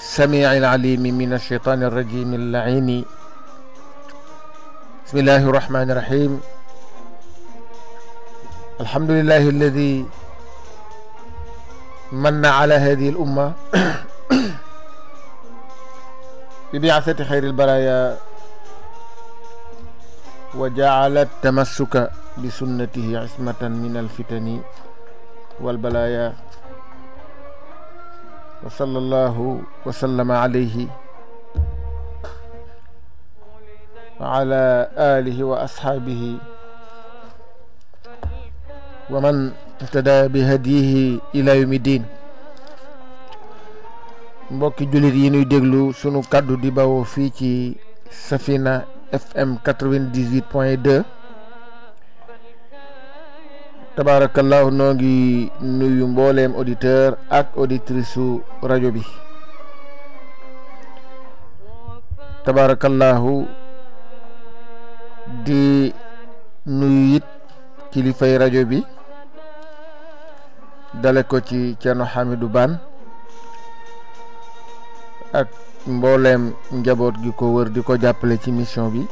السميع العليم من الشيطان الرجيم اللعين بسم الله الرحمن الرحيم الحمد لله الذي من على هذه الأمة ببعثة خير البرايا وجعل التمسك بسنته عصمة من الفتن والبلايا wa sallallahu wa sallama alayhi wa ala alihi bi hadiyihi ila yawmi diin mbokki jullit yi ñuy déglu sunu kàddu di bawoo fii ci Safina FM 98 point 2 Tabarakallah nogi nuyu mbollem auditeur ak auditrice su bi tabarakallahu di nuyu yit kilifay radio bi daleko ci cheno Hamidou ban ak mbollem njabot gi ko wër di ko ci mission bi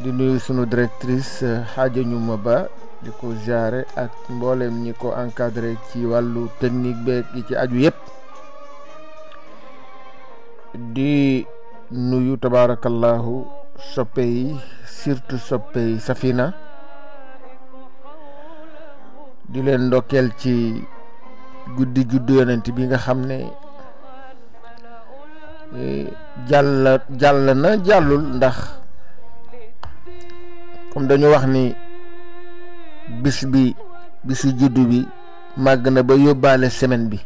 di nuyu sunu directrice xaaja eh, ñuma ba di ko jaare ak mbooleem ñi ko encadré ci wàllu technique beeg yi ci aju yëpp di nuyu tabaarakallahu soppe yi surtout soppe yi safina di leen ndokkeel ci guddi juddu yonent bi nga xam ne eh, jàll jàll na jàllul ndax comme dañu wax ni bis bi bisu juddu bi màgg na ba yóbbaale semaine bi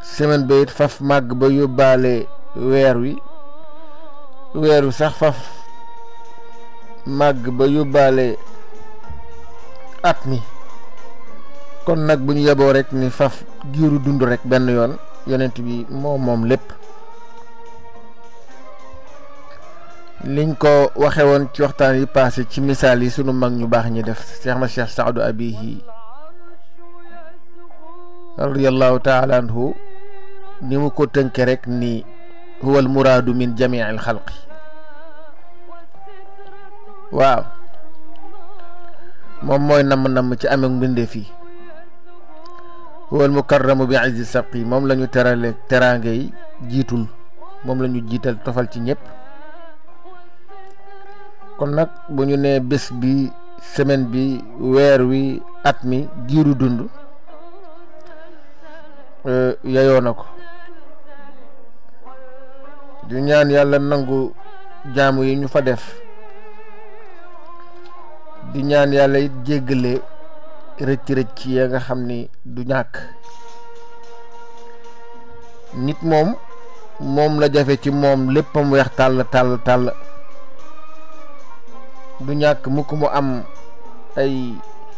semaine bi it faf màgg ba yóbbaale weer wi weer wi sax faf màgg ba yóbbaale at mi kon nag bu ñu yeboo rek ni faf giiru dund rek benn yoon yonent bi moo moom lépp liñ ko waxe won ci waxtan yi passé ci misal yi sunu mag ñu bax ñi def cheikh ma cheikh saadu abihi radiyallahu ta'ala anhu ni mu ko tënke rek ni huwa al muradu min jami'il al waaw mom moy nam nam ci ak mbinde fi huwa al mukarramu bi izzi sabqi moom la terale yi jiitul tofal ci ñepp kon nag bu ñu nee bés bi semaine bi weer wi at mi diiru dund euh, yayoo ko di ñaan yàlla nangu jaamu yi ñu fa def di ñaan yàlla it jéggale rëcc-rëcc ya nga xam ni du ñàkk nit moom moom la jafe ci moom léppam weex tàll tàll tàll du ñàkk mukk mu am ay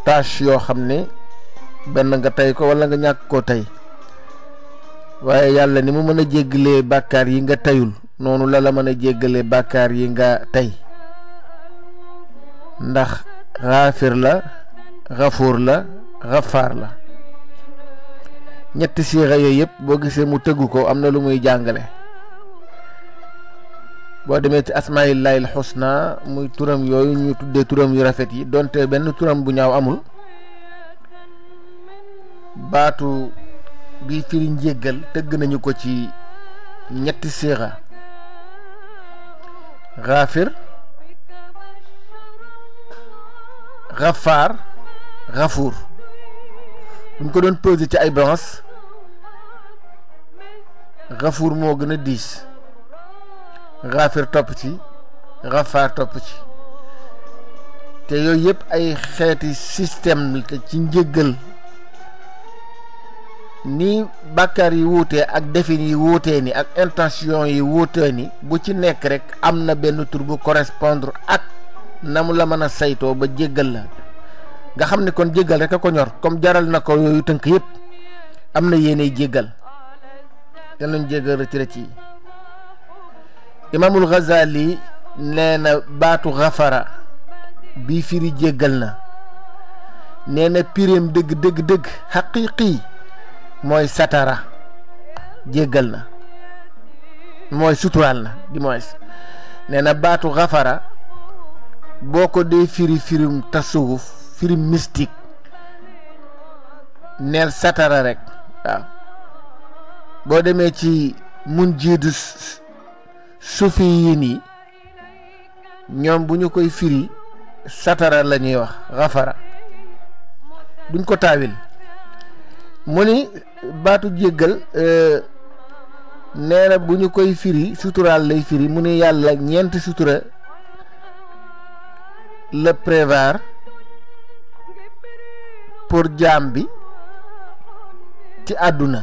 tâche yoo xam ne benn nga tey ko walla nga ñàkk koo tey waaye yàlla ni mu mën a jéggalee bàkkaar yi nga teyul noonu la la mën a jéggalee bàkkaar yi nga tey ndax xaafir la rafuur la xafaar la ñetti siixa yooyu yëpp boo gisee mu tëggu ko am na lu muy jàngale boo demee ci asmaaillaahil xusna muy turam yooyu ñu tuddee turam yu rafet yi donte benn turam bu ñaaw amul baatu bi firi njéggal tëgg nañu ko ci ñetti siixa xaafir xafaar xafuur buñ ko doon peser ci ay balance xafuur moo gën a diis xaafir topp ci xafaar topp ci te yooyu yëpp ay xeeti système ci njëggal ni bàkkaar yi wuutee ak defin yi wuutee ni ak intention yi wuutee ni bu ci nekk rek am na benn tur bu correspondre ak na mu la mën a saytoo ba jéggal la nga xam ne kon jéggal rek a ko ñor comme jaral na ko yooyu tënk yëpp am na yéenay jéggal te luñ jéggal rëcc rëcc yi imaamul Ghazali nee na baatu xafara bi firi jéggal na nee na piréem dëgg dëgg dëgg xaqiiqi mooy satara jéggal na mooy suturaal na di baatu xafara boo ko dee firi firim tasawuf firim mystique neel satara rekk waaw boo demee ci mun jiidus sufi yi nii ñoom bu ñu koy firi satara lañuy wax xafara duñ ko taawil mu ni baatu jéggal euh, nee na bu ñu koy firi suturaal lay firi mu ni yàlla ñeent sutura la prévoir pour jaam bi ci àdduna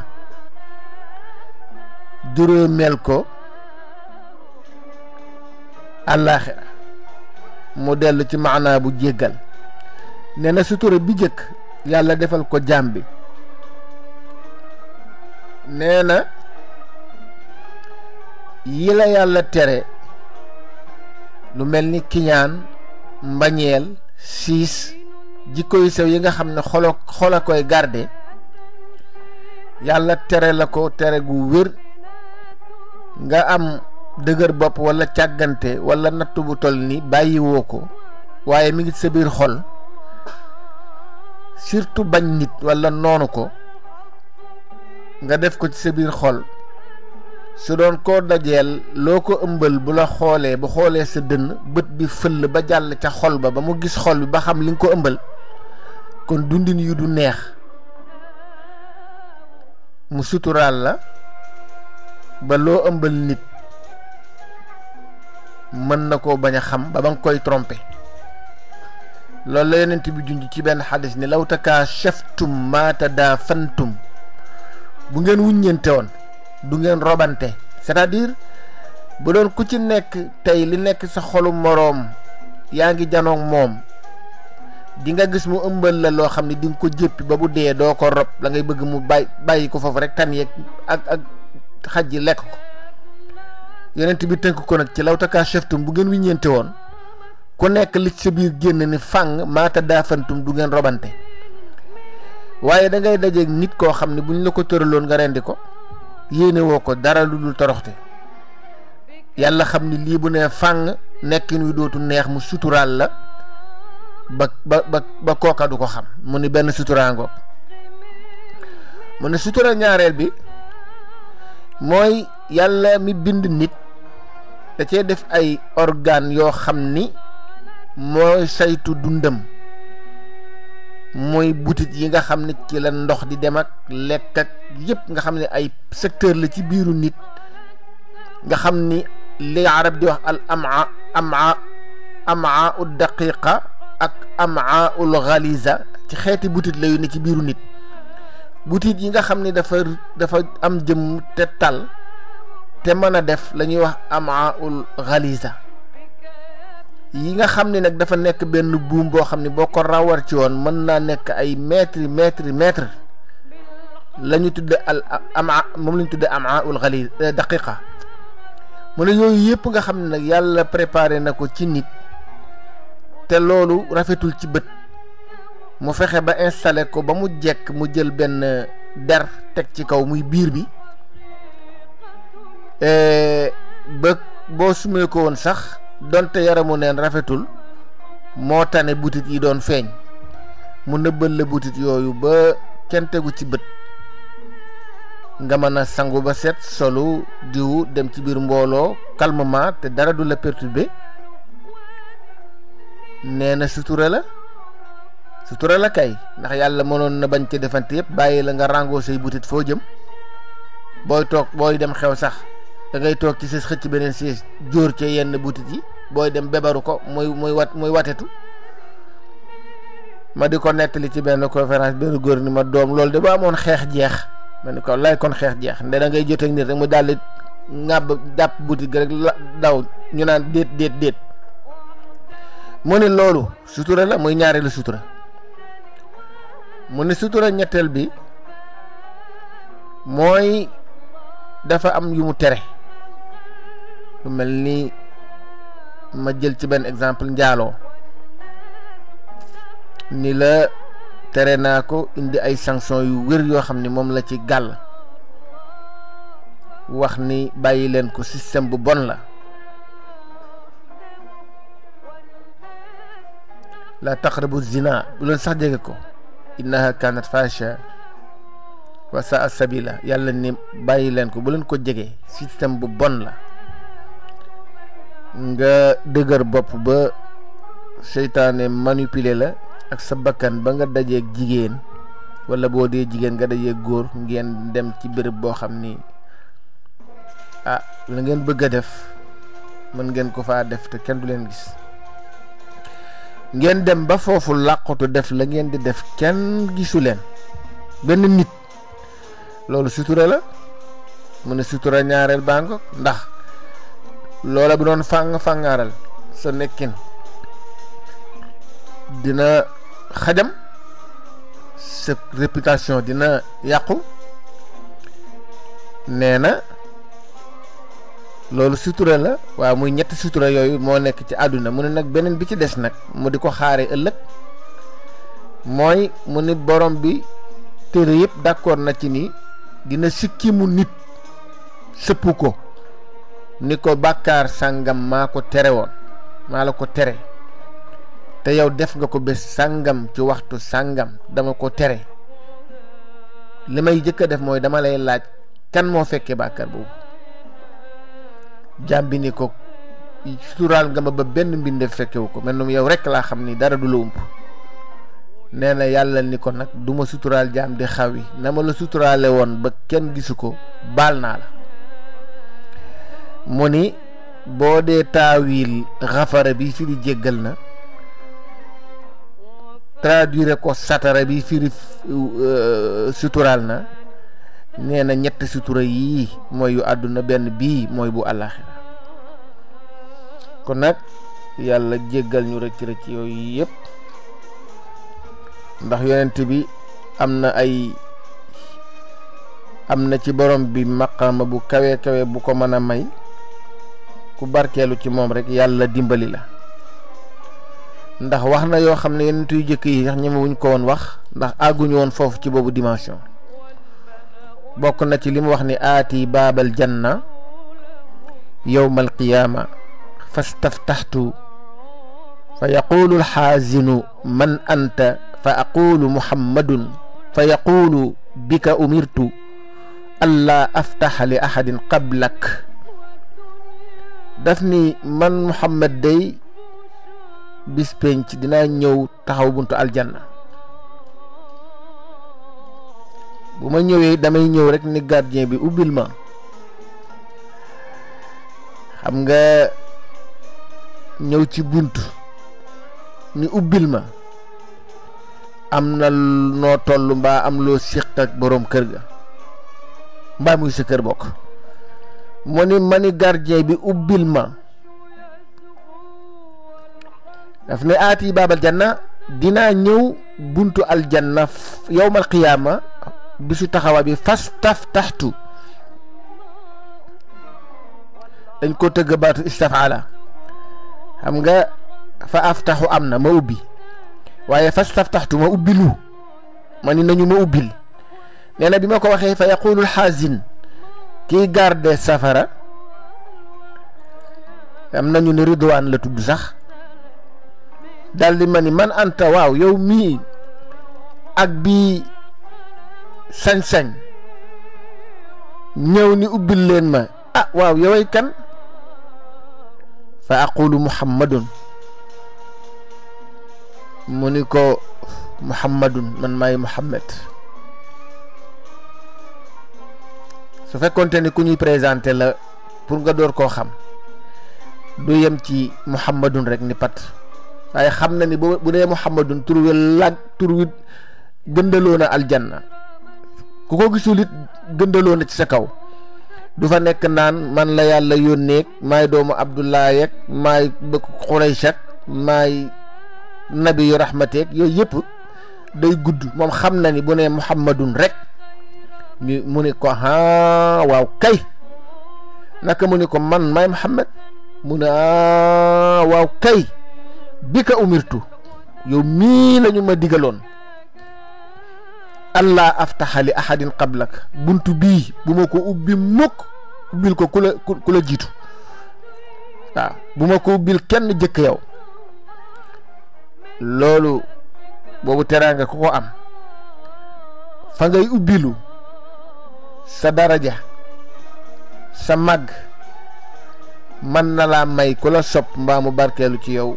juróomeel ko àllaaxira mu dellu ci maanaa bu jéggal nee na sutura bi jëkk yàlla defal ko jaam bi nee na yi la yàlla tere lu mel ni kiñaan mbañeel siis jikko sew yi nga xam ne xolo xola koy garde yàlla tere la ko tere gu wér nga am dëgër bopp wala càggante walla nattu bu toll ni bàyyiwoo ko waaye mi ngi sa biir xol surtout bañ nit walla noonu ko nga def ko ci sa biir xol su doon koo dajeel loo ko ëmbal bu la xoolee bu xoolee sa dënn bët bi fëll ba jàll ca xol ba ba mu gis xol bi ba xam li nga ko ëmbal kon dundin yu du neex mu suturaal la ba loo ëmbal nit mën na koo bañ a xam ba bang koy trompé loolu la yonent bi junj ci benn xadis ni law taka cheftum maata daa fantum bu ngeen wuññente woon du ngeen robante c'est-à-dire bu doon ku ci nekk tey li nekk sa xolu moroom yaa ngi janoog moom di nga gis mu ëmbal la loo xam ne di ko jéppi ba bu dee doo ko rob la ngay bëgg mu bàyyi ko rek tan yeeg ak ak xaj yi ko yonent bi tënk ko nag ci law takaa cheftum bu ngeen wiññeente woon ku nekk li ci sa biir génn ni fàng maata daafantum du ngeen robante waaye dangay ngay nit koo xam ne bu ñu la ko tëraloon nga rendi ko yéenewoo ko dara lu dul toroxte yàlla xam ni lii bu nee fàng nekkin wi dootu neex mu suturaal la ba ba ba ba kooka du ko xam mu ni benn suturaango mu ne sutura ñaareel bi mooy yàlla mi bind nit da cee def ay organe yoo xam ni mooy saytu dundam mooy butit yi nga xam ne ci la ndox di dem ak lekk ak yépp nga xam ne ay secteur la ci biiru nit nga xam ni li arab di wax al ama ama ama u daqiqa ak ama ul ghaliza ci xeeti butit la yu ne ci biiru nit butit yi nga xam ne dafa dafa am jëm te tal te mën a def la ñuy wax amaul xalisa yi nga xam ne nag dafa nekk benn buum boo xam ne boo ko rawar ci woon mën naa nekk ay metri mètre mètre la ñu tudde al ama moom la ñu tudde amaul xalis euh, daqiqa mu ne yooyu yëpp nga xam ne nag yàlla préparé na ko ci nit te loolu rafetul ci bët mu fexe ba installé ko ba mu jekk mu jël benn der teg ci kaw muy biir bi Eh, ba bo sumé ko won sax donte yaramu neen rafetul mo tane butit yi don feñ mu neubal le butit yoyu ba kenn gu ci beut nga mën sangu ba set solu diwu dem ci bir mbolo calmement te dara du le perturber nee sutura la sutura la kay ndax yalla mënoon na bañ ci defante yeb bàyyi la nga rango sey butit fo jëm boy tok boy dem xew sax da ngay tok ci ses xëc benen ses jor ci yenn butit yi boy dem bebaru ko moy moy wat moy watetu ma di ko ci benn conférence benn goor ni ma doom lol de ba amone xex jeex ma ko lay kon xex jeex nde da ngay jot ak nit rek mu dal ngab dap butit gi rek daw ñu naan det det det moni ni sutura la muy ñaareelu sutura mu sutura ñettel bi moy dafa am yumu téré lu mel ni ma jël ci benn exemple njaaloo ni la tere naa ko indi ay sanction yu wér yoo xam ni moom la ci gàll wax ni bàyyi leen ko système bu bon la la taqrabu zina bu leen sax jege ko innaha kanat fasha wa saa sabila yàlla ni bàyyi leen ko bu leen ko jege système bu bon la nga dëgër bopp ba seytaane manipuler la ak sa bakkan ba nga dajeeg jigéen wala boo dee jigéen nga dajeeg góor ngeen dem ci béréb boo xam ni ah la ngeen bëgg a def mën ngeen ko faa def te kenn du leen gis ngeen dem ba foofu làqatu def la ngeen di def kenn gisu leen benn nit loolu sutura la mu ne sutura ñaareel baa ndax Lola bu doon fang fangaral sa nekkin dina xajam sa réputation dina yàqu nee na loolu sutura la waaw muy ñetti sutura yooyu moo nekk ci àdduna mu ne nag beneen bi ci des nag mu di ko xaare ëllëg mooy borom bi yëpp d'accord na ci ni dina sikkimu nit sëpp ni ko bàkkaar sàngam maa ko tere woon maa la ko tere te yow def nga ko bés sàngam ci waxtu sàngam dama ko tere li may jëkk a def mooy dama lay laaj kan moo fekkee bàkkaar boobu jàmbi ni ko suturaal nga ma ba benn mbindeef fekkewu ko mel ni yow rek laa xam ni dara du la ump nee na yàlla ni ko nag duma ma suturaal jaam di xaw na ma la suturaale woon ba kenn gisu ko baal naa la Moni, bo de tawil ghafara xafara bi firi jéggal na traduire ko satara bi firi euh, suturaal na neena na sutura yi moy yu aduna ben bi moy bu alakhirah. kon nak yalla jegal ñu rek rek yoy yep ndax yonent bi amna ay amna ci borom bi maqama bu kawe kawe bu ko may ku barkeelu ci moom rek yàlla dimbali la ndax wax na yoo xam ne yenn tuy jëkk yi sax ñemewuñ ko woon wax ndax àgguñu woon foofu ci boobu dimension bokk na ci li mu wax ni aati baabal janna yowma alqiyaama fastaftaxtu fa yaquulu alxaazinu man anta fa aquulu muhammadun fa yaquulu bika umirtu allaa aftaxa li ahadin qablak daf ni man Muhammad day bis penc dinaa ñëw taxaw buntu aljanna bu ma ñëwee damay ñëw rekk ni gardien bi ubbil ma xam nga ñëw ci bunt ni ubbil ma am na noo tollu mbaa am loo siq ak boroom kër ga mbaa muy sa kër bokk mu ni ma ni gardien bi ubbil ma daf ne aati baabal janna dinaa ñëw buntu aljanna yowmal qiyaama bisu taxawa bi fas taxtu dañ ko tëgg baatu istafaala xam nga fa aftaxu am na ma ubbi waaye fas taf taxtu ma ubbilu ma ni nañu ma ubbil nee na bi ma ko waxee fa yaqulu alxaasin kiy garde safara am nañu ni ridwaan la tudd sax daldi ma ni man anta waaw yow mii ak bii sañ-sañ ñëw ni ubbil leen ma ah waaw yoway kan fa aqulu muhammadun mu ni ko muhammadun man maay muhammad su fekkoonte ni ku ñuy présenté la pour nga door koo xam du yem ci muhammadun rek ni pat waaye xam na ni bu bu dee muhammadun tur wi laaj tur gëndaloo na aljanna ku ko gisul it gëndaloo na ci sa kaw du fa nekk naan man la yàlla yónneeg maay doomu abdullah yeeg maay bëkk xuraysh ak maay nabi yu rahmateeg yooyu yëpp day gudd moom xam na ni bu ne muhammadun rek mu ni ko ah waaw kay naka mu ni ko man may Muhammad mu ne ah waaw kay bi ka umirtu yow mii lañu ma digaloon allah aftaxa li ahadin qablak buntu bii bu ma ko ubbi mukk ubbil ko ku la ku la jiitu waaw bu ma ko ubbil kenn jëkk yow loolu boobu teraanga ku ko am fa ngay ubbilu sa daraja sa màgg mën na laa may ku la sopp mbaa barkeelu ci yow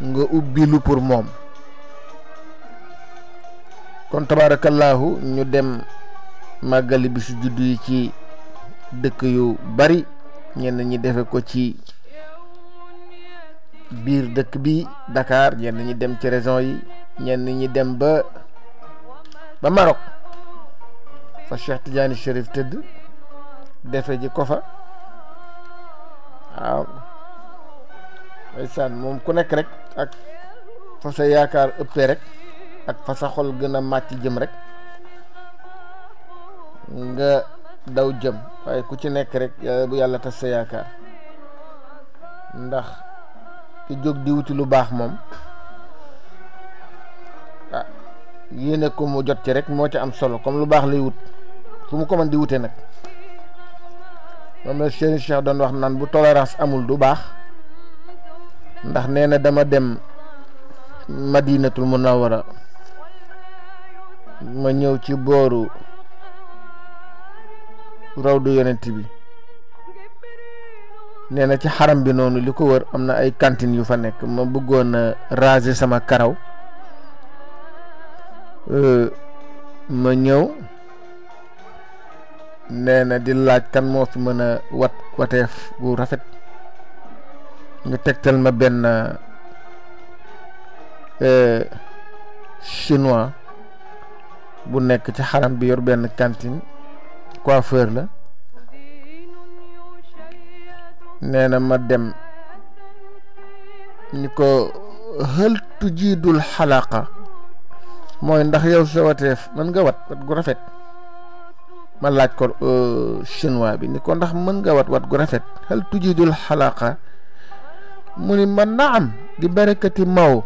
nga ubbilu pour moom kon tabaarakallaahu ñu dem màggali bisu juddu yi ci dëkk yu bari ñenn ñi defe ko ci biir dëkk bi dakaar ñenn ñi dem ci région yi ñenn ñi dem ba ba marok fa Cheikh Tidiane Chérif tëdd defe ji ko fa waaw ndeysaan moom ku nekk rek ak fa sa yaakaar ëppee rek ak fa sa xol gën a màcc jëm rek nga daw jëm waaye ku ci nekk rek eh, bu yàlla tas sa yaakaar ndax ki jóg di wuti lu baax moom yene ko mu jot ci rek mo ci am solo comme lu bax lay wut fu mu ko man di wuté nak moom seen cheikh don wax nan bu tolérance amul du bax ndax nee dama dem madinatul munawwara ma ñew ci boru rawdu yonent bi nee na ci haram bi nonu li wër amna ay cantine yu fa nek ma bëggona raser sama karaw Euh, ma ñëw nee na di laaj kan moo fi mën a wat wateef gu rafet ñu tegtal ma benn euh, chinois bu nekk ci xaram bi yor benn cantine coiffeur la nee ma dem ñu ko xëltu jiidul xalaqa mooy ndax yow sa wateef mën nga wat wat gu rafet ma laaj ko euh, chinois bi ni ko ndax mën nga wat wat gu rafet hal tujidul xalaqa mu ni ma am di barakati maw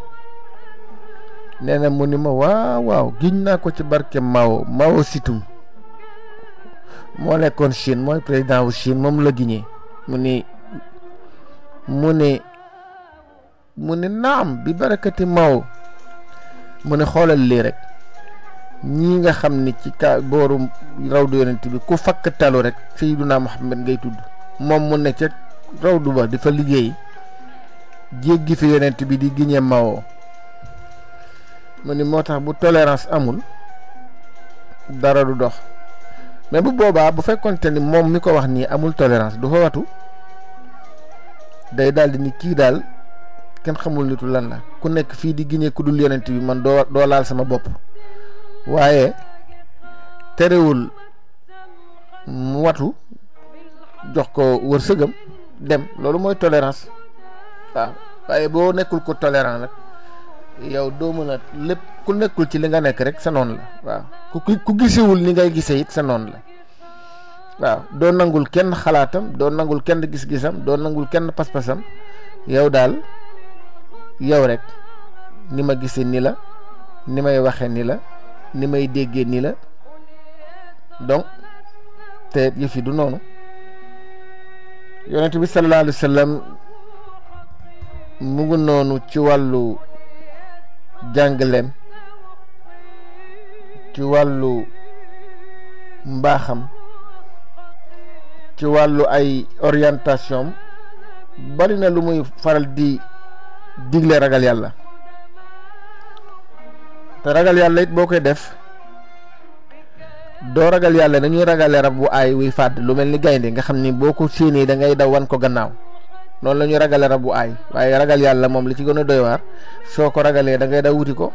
nee na mu ni ma waaw waaw giñ naa ko ci barke maw maw situm moo nekkoon Chine mooy président wu Chine moom la giñee mu ni mu ni mu ni naam bi barakati maw mu ne xoolal lii rek ñii nga xam ni ci ka booru du yonent bi ku fakk talu rek sayyiduna Muhammad ngay tudd moom mu ne ca du ba di liggéey jéggi fi yonent bi di giñe mawoo mu ni moo tax bu tolerance amul dara du dox mais bu boobaa bu fekkonte ni moom mi ko wax nii amul tolerance du fa watu day daal di ni kii daal kenn xamul nitu lan la ku nekk fii di giñee ku dul yonent bi man doo doo laal sama bopp waaye terewul mu watu jox ko wërsëgam dem loolu mooy tolérance waaw waaye boo nekkul ko tolérant nag yow doo mën a lépp ku nekkul ci li nga nekk rek sa noon la waaw ku ku gisewul ni ngay gisee it sa noon la waaw doo nangul kenn xalaatam doo nangul kenn gis-gisam doo nangul kenn pas-pasam yow daal yow rekk ni ma gisee ni la ni may waxe ni la ni may déggee ni la donc te yëf yi du noonu yonent bi sallallahu mu ngi noonu ci wàllu jàngaleem ci wàllu mbaaxam ci wàllu ay orientation bari na lu muy faral di digle ragal yalla te ragal yalla it bokay def Dora ragal yalla dañuy ragale rab bu ay wi fad lu melni gaynde nga xamni ni boo da ngay daw wan ko gannaaw non lañu ñuy rab bu ay waye ragal yalla mom li ci gëna doy war soko ragalé da ngay daw wuti ko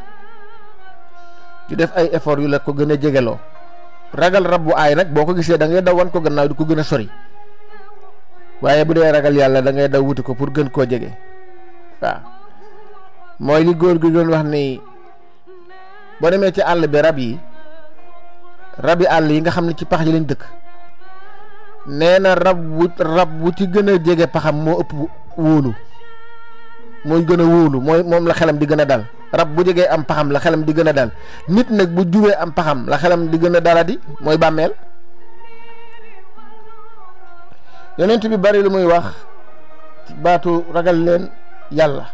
di def ay effort yu la ko gëna jégelo ragal rab bu ay nak boko gisé da ngay daw wan ko gannaaw di ko gëna sori waye bu dé ragal yalla da ngay daw wuti ko pour gën ko jégé waaw mooy li góor gi doon wax nii boo demee ci àll bi rab yi rabi àll yi nga xam ne ci pax yi dëkk nee na rab wu rab wu ci gën a jege paxam moo ëpp wóolu mooy gën a wóolu mooy moom la xelam di gën a dal rab bu jegee am paxam la xelam di gën a dal nit nag bu jubee am paxam la xelam di gën a daladi mooy bàmmeel yonent bi bari lu muy wax baatu ragal leen yàlla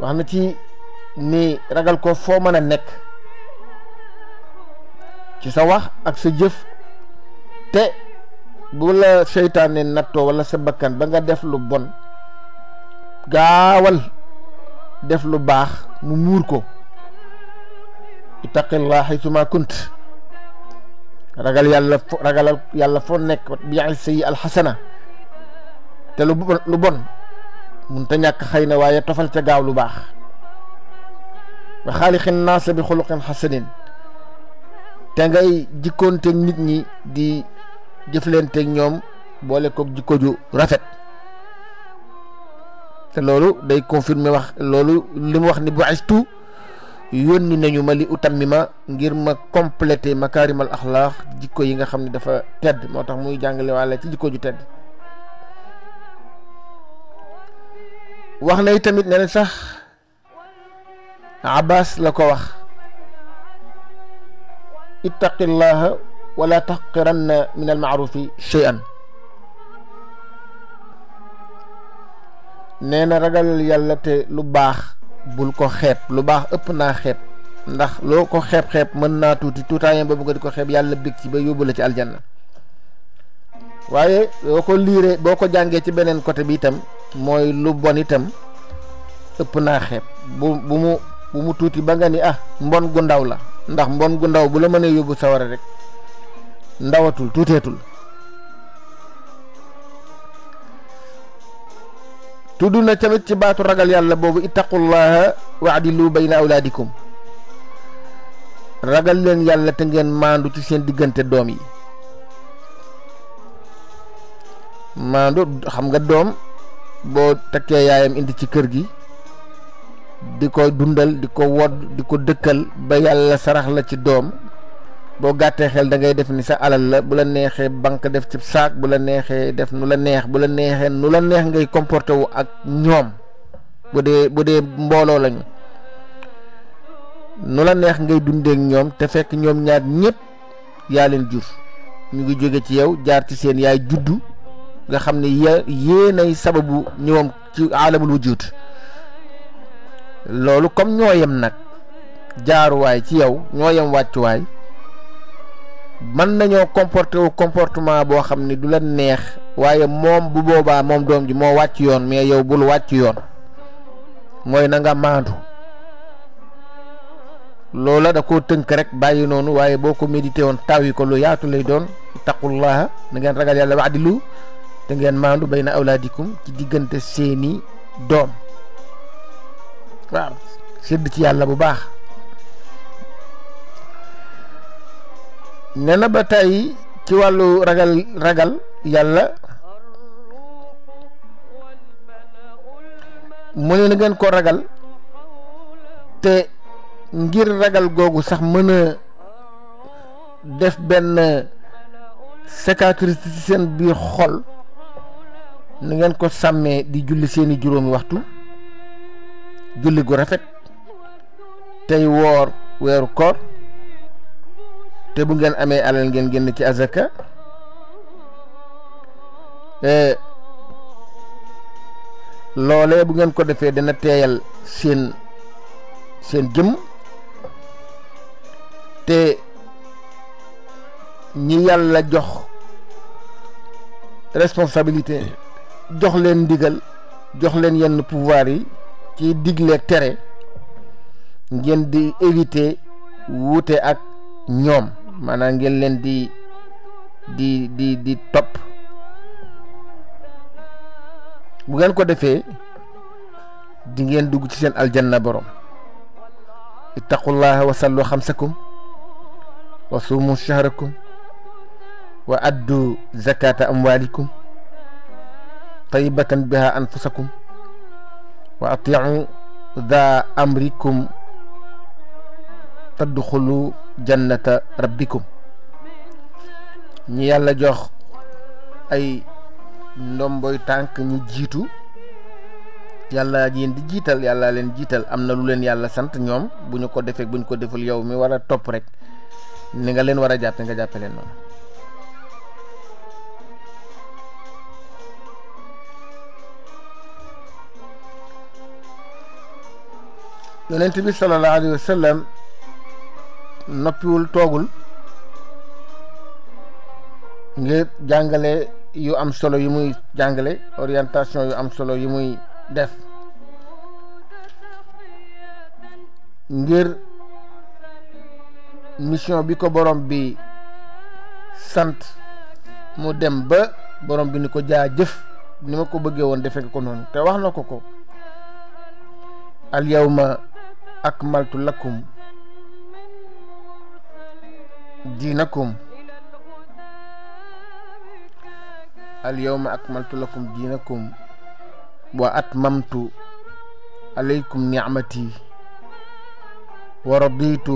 wax na ci ni ragal ko foo mën a nekk ci sa wax ak sa jëf te bu la seytaane nattoo wala sa bakkan ba nga def lu bon gaawal def lu baax mu muur ko ittaqillah xaytuma kunt ragal yàlla fo ragalal yàlla foo nekk bi sa yi alxasana te lu bon lu bon mun ta ñàkk xëy na waaye tofal ca gaaw lu baax wa xaalixin naasa bi xuluqin xasanin te ngay jikkoonte nit ñi di jëfleenteeg ñoom boole koog jikko ju rafet te loolu day confirmer wax loolu li mu wax ni bu istu yónni nañu ma li ma ngir ma complété makaarimal axlaax jikko yi nga xam ne dafa tedd moo tax muy jàngale waale ci jikko ju tedd wax na itamit ne sax abbas اتق الله ولا تحقرن من المعروف شيئا نينا رجل يالا تي لو باخ بول كو خيب لو باخ اوب نا خيب نده لو كو خيب خيب من نا توتي توتا يم بوبو ديكو خيب يالا بيك سي با يوبو لا تي waaye boo ko liiree boo ko jàngee ci beneen côté bi itam mooy lu bon itam ëpp naa xeeb bu bu mu bu mu tuuti ba nga ni ah mbon gu ndaw la ndax mbon gu ndaw bu la mënee yóbbu saware rek ndawatul tuuteetul tudd na tamit ci baatu ragal yàlla boobu ittaqullaha waadilu bayna awlaadikum ragal leen yàlla te ngeen maandu ci seen diggante doom yi maandu xam nga doom boo takkee yaayam indi ci kër gi di ko dundal di ko wodd di ko dëkkal ba yàlla sarax la ci doom boo gàttee xel da ngay def ni sa alal la bu la neexee banque def ci saak bu la neexee def nu la neex bu la neexee nu la neex ngay comporté wu ak ñoom bu dee bu dee mbooloo lañu nu la neex ngay dundeek ñoom te fekk ñoom ñaar ñépp yaa leen jur ñu ngi jóge ci yow jaar ci seen yaay juddu nga xam ne ya yéenay sababu ñëwam ci aalamul wujud loolu comme ñoo yem nag jaaruwaay ci yow ñoo yem wàccuwaay mën nañoo comporté comportement boo xam ne du la neex waaye moom bu boobaa moom doom ji moo wàcc yoon mais yow bul wàcc yoon mooy nanga nga maandu loola da koo tënk rek bàyyi noonu waaye boo ko médité woon taw yi ko lu yaatu lay doon taqullaha na ngeen ragal yàlla wax di lu te ngeen maandu na awlaadikum ci diggante seeni doom waaw sedd ci yàlla bu baax nee na ba tey ci wàllu ragal ragal yàlla mu ne na ngeen ko ragal te ngir ragal googu sax mën a def benn cicatrice ci seen biir xol ni ngeen ko sàmmee di julli seeni juróomi waxtu julli gu rafet tey woor weeru koor te bu ngeen amee alal ngeen génn ci azaka e, loolee bu ngeen ko defee dina teeyal seen seen jëm te ñi yàlla jox responsabilité jox leen ndigal jox leen yenn pouvoir yi ci digle tere ngeen di éviter wuute ak ñoom maanaam ngeen leen di di di di topp bu ngeen ko defee di ngeen dugg ci seen aljanna borom ittaqullaha wa sallu xamsakum wa suumu shahrakum wa addu zakata amwalikum taybatan biha anfusakum wa atiu daa amrikum tadxulu jannata rabbikum ñi yàlla jox ay ndomboy tànk ñu jiitu yàlla yéen di jiital yàlla leen jiital am na lu leen yàlla sant ñoom bu ñu ko defee bu ñu ko deful yow mi wala topp rek ni nga leen war a jàppe nga jàppe leen noonu yonent bi sallallahu alayhi wa sallam noppiwul toogul ngir jàngale yu am solo yu muy jàngale orientation yu am solo yu muy def ngir mission bi ko borom bi sant mu dem ba borom bi ni ko jaa jëf ni ma ko bëggee woon defe ko noonu te wax na ko ko al أكملت لكم دينكم اليوم أكملت لكم دينكم وأتممت عليكم نعمتي ورضيت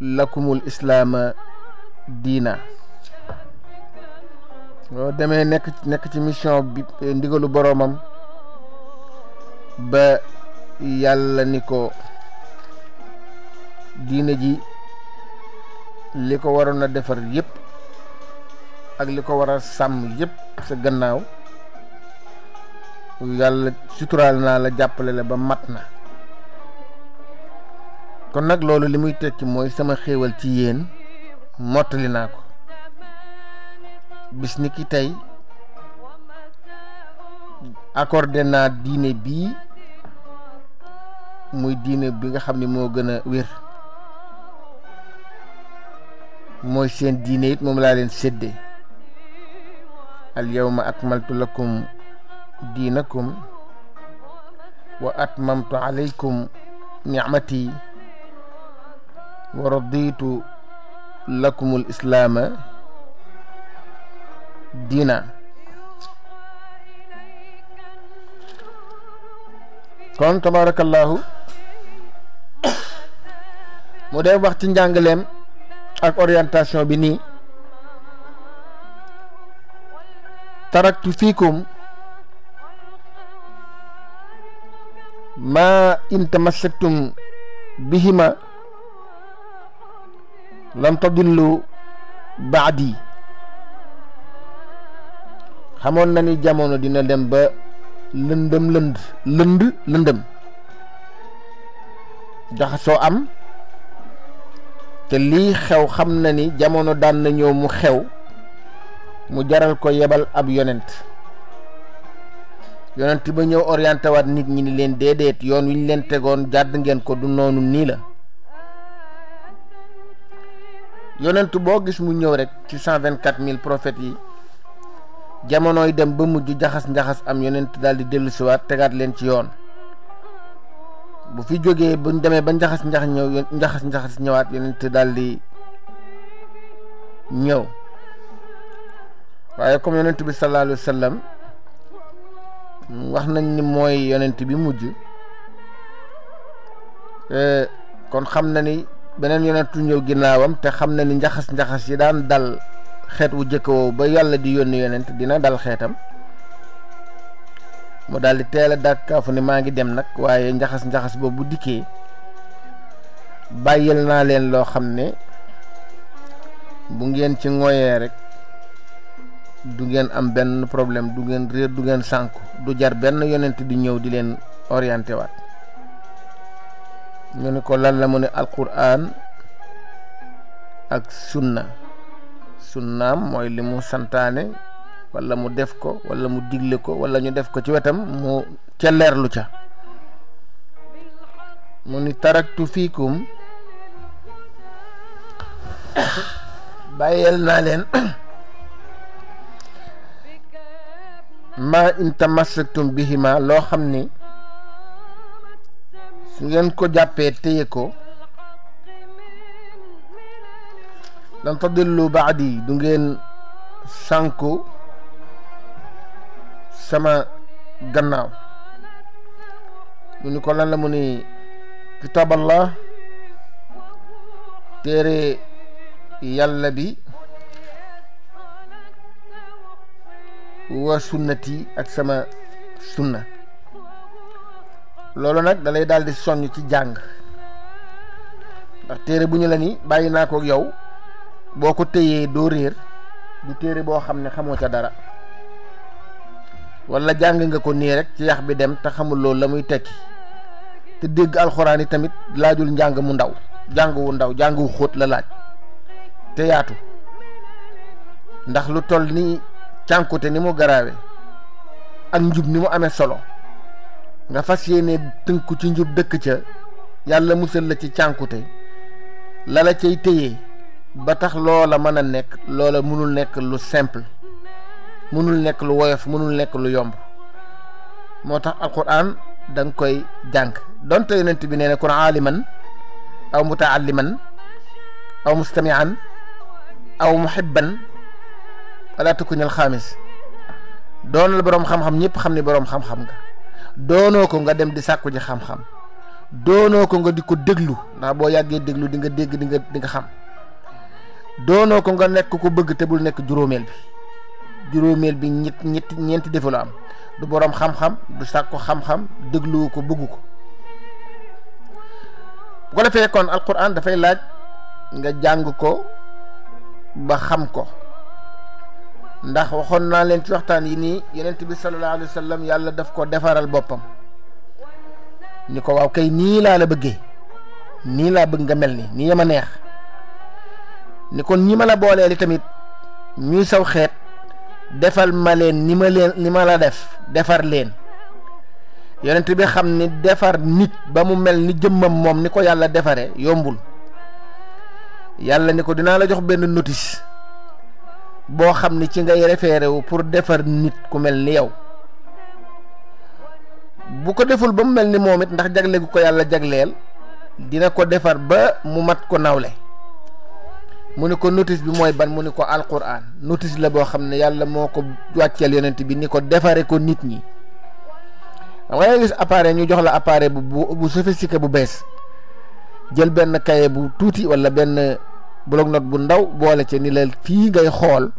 لكم الإسلام دينا boo نكت نكت nekk ci mission bi ba yàlla ni ko diine ji li ko waroon a defar yépp ak li ko war a sàmm yépp sa gannaaw yàlla suturaal naa la jàppale la ba mat na kon nag loolu li muy tekki mooy sama xéewal ci yéen mottali naa ko bis ni ki tey accordé naa diine bii muy diine bi nga xam ne moo gën a wér mooy seen diine it moom laa leen sédde al yawma akmaltu lakum diinakum wa atmamtu alaykum nicmati wa raditu lakumul islaama diina kon tabarakallahu mu dee wax ci njàngaleem ak orientation bi ni taraktu fikum ma intamassaktum bihima lam tadillu ba'di xamone na ni jamono dina dem ba lëndëm lend lënd lëndëm jaxasoo am te lii xew xam na ni jamono daan na ñëw mu xew mu jaral ko yebal ab yonent yonent ba ñëw orienté waat nit ñi ni leen déedéet yoon wi ñu leen tegoon jàdd ngeen ko du noonu nii la yonent boo gis mu ñëw rek ci cent vingt quatre mille prophètes yi jamonooy dem ba mujj jaxas njaxas am yonent daal di dellusiwaat tegaat leen ci yoon bu fi jógee buñ demee ba njaxas njaxas ñëw njaxas njaxas ñëwaat yonent daal di ñëw waaye comme yonent bi sallallahu alayhi wa wax nañ ni mooy yonent bi mujj kon xam na ni beneen yonentu ñëw ginnaawam te xam na ni njaxas njaxas yi daan dal xeet wu jëkk woowu ba yàlla di yónni yonent dina dal xeetam mu dal di teel a dàkkaafu ne maa ngi dem nag waaye njaxas-njaxas boobu bu dikkee bàyyil naa leen loo xam ne bu ngeen ci ngooyee rek du ngeen am benn problème du ngeen réer du ngeen sànku du jar benn yonent di ñëw di leen orienté waat ñu ne ko lan la mu ne alquran ak sunna sunnaam mooy li mu wala mu def ko wala mu digle ko wala ñu def ko ci wetam mu ca leerlu ca mu ni taraktu fiikum bàyyeel naa leen ma in tamassaktum bihima loo xam ni su ngeen ko jàppee téye ko lan tadillu baadi du ngeen sànku sama gannaaw ñu ni ko lan la mu ni la téere yàlla bi wa sunnati ak sama sunna loolu nag dalay daldi daal soññ ci jàng ndax téere bu ñu la ni bàyyi naa ko yow boo ko téyee doo réer du téere boo xam ne xamoo ca dara wala jàng nga ko nii rek ci yax bi dem te xamul la muy tekki te dégg alxuraan yi tamit laajul njàng mu ndaw jàng wu ndaw jàng wu xóot la laaj te yaatu ndax lu toll ni cànkute ni mu garaawe ak njub ni mu amee solo nga fas yéene tënku ci njub dëkk ca yàlla musal la ci cànkute la la cay téye ba tax loola mën a nekk loola mënul nekk lu semple mënul nekk lu woyof mënul nekk lu yomb moo tax alquran dang nga koy jàng donte yonent bi nee na kun aliman aw mutaalliman aw mustamian aw muhibban wala tukuñal xaamis doonal borom xam-xam ñëpp xam ni boroom xam-xam nga doonoo ko nga dem di sàkku ji xam-xam doonoo ko nga di ko déglu ndax boo yàggee déglu di nga dégg di nga di nga xam doonoo ko nga nekk ku bëgg te bul nekk juróomeel bi Juru bi ñet ñet ñent defu la am du borom xam-xam du sàkku xam-xam deglu ko bëggu ko bu ko defé kon alquran fay laaj nga jang ko ba xam ko ndax waxon na len ci waxtan yi ni yenen tibbi sallallahu alaihi wasallam sallam daf ko defaral bopam ni ko waaw kay ni la la bëgge ni la bëgg nga melni ni yama neex ni kon ñima la boole li tamit ñuy saw xet defal ma leen ni ma leen ni ma la def defar leen yonent bi xam ni defar nit ba mu mel ni jëmmam moom ni ko yàlla defare yombul yàlla ni ko dinaa la jox benn notice boo xam ni ci ngay référé wu pour defar nit ku mel ni yow bu ko deful ba mu mel ni moom it ndax jagle gu ko yàlla jagleel dina ko defar ba mu mat ko nawle mu ni ko notice bi mooy ban mu ni ko alquran notice la boo xam ne yàlla moo ko wàcceel yonent bi ni ko defare ko nit ñi xam nga gis appareil ñu jox la appareil bu bu sophistiqué bu bees jël benn kaye bu tuuti wala benn bloc-notes bu ndaw boole ci ni la fii ngay xool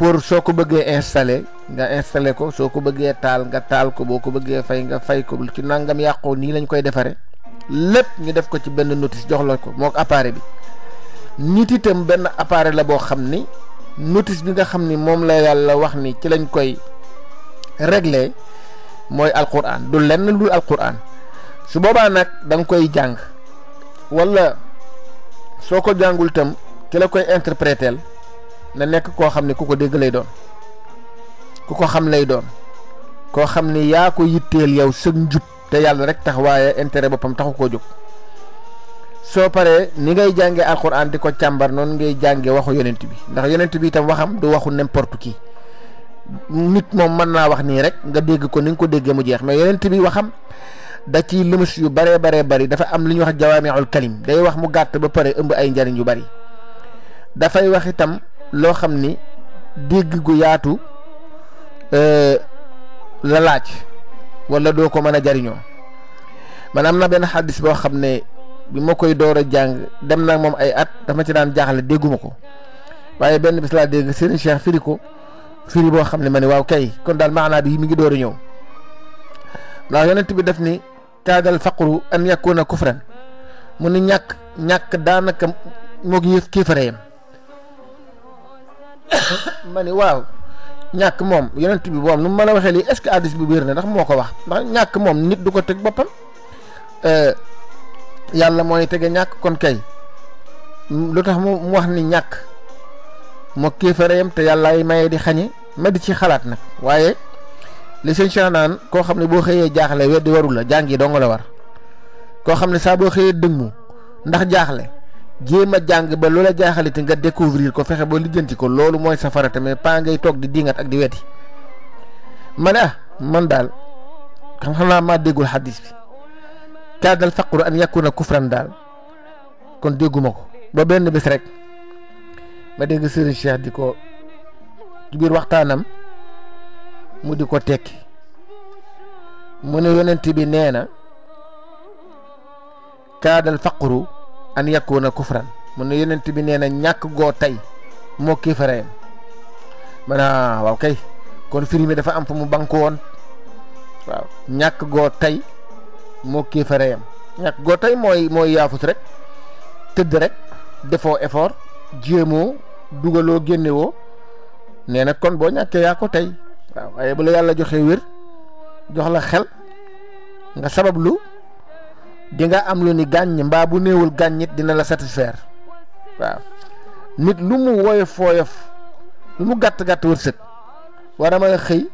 pour soo ko bëggee installé nga installer ko soo ko bëggee taal nga taal ko boo ko bëggee fay nga fay ko ci nangam yàqoo nii lañu koy defare lépp ñu def ko ci benn notice jox la ko mook appareil bi nit itam benn appareil la boo xam ni notice bi nga xam ni moom la yàlla wax ni ci lañ koy régler mooy alquran du lenn lu alquran su boobaa nag danga koy jàng wala soo ko jàngul itam ki la koy interpréter na nekk koo xam ni ku ko dégg lay doon ku ko xam lay doon koo xam ni yaa ko yitteel yow sëg njub te yàlla rek tax waaye intérêt boppam taxu koo jóg. soo paree ni ngay jànge alxuraan di ko càmbar noonu ngay jànge waxu yonent bi ndax yonent bi itam waxam du waxu n'importe ki nit moom mën naa wax nii rek nga dégg ko ni nga ko déggee mu jeex mais yonent bi waxam da ci lëmus yu baree baree bari dafa am lu ñuy wax jawaamiul kalim day wax mu gàtt ba pare ëmb ay njariñ yu bari dafay wax itam loo xam ni dégg gu yaatu euh, la laaj wala doo ko mën a jariñoo man am na benn xaddis boo xam ne bi ma koy door a jàng dem nag moom ay at dama ci daan jaaxle dégguma ko waaye benn bis laa dégg Serigne Cheikh firi ko firi boo xam ne ma ne waaw kay kon daal maanaa bi mi ngi door a ñëw ndax yonent bi def ni kaadal faqru an yakuna kufran mu ni ñàkk ñàkk daanaka moo gi yam ma ni waaw ñàkk moom yonent bi boom nu mu mën a waxee lii est ce que addis bi na ndax moo ko wax ndax ñàkk moom nit du ko teg boppam euh, yalla mooy tege ñàkk kon kay lu tax mu wax ni ñàkk moo kéefare yam te yàllaay maye di xañe ma di ci xalaat nag waaye li sëñ Cheikh naan koo xam ne boo xëyee jaaxle weddi warul la jàng yi dong la war koo xam ne saa boo xëyee ndax jaaxle jéem a ba loola jaaxale te nga découvrir ko fexe ba lijjanti ko loolu mooy safara tamit paa ngay toog di diingat ak di weti ma ne ah man daal xam xam bi kaada al faqru an yakuna kufran daal kon dégguma ko ba benn bis rek ma dégg sëriñ Cheikh di ko ci waxtaanam mu di ko tekki mu ne yonent bi nee na kaada al faqru na yakuna kufran mu ne yonent bi nee na ñàkk goo tey moo kiifaree ma ne ah, waaw kay kon film dafa am fa mu banku woon waaw ñàkk goo tey moo kii fere yam ñàkk goo tey mooy mooy yaafus rek tëdd rek defoo effort jéemoo dugaloo génnewoo nee na kon boo ñàkkee yaa ko tey waaw waaye bu la yàlla joxee wér jox la xel nga sabablu di nga am lu ni gàññ mbaa bu néewul gàññit dina la satisfaire waaw nit lu mu woyof woyof lu mu gàtt gàtt wërsëg war a mën xëy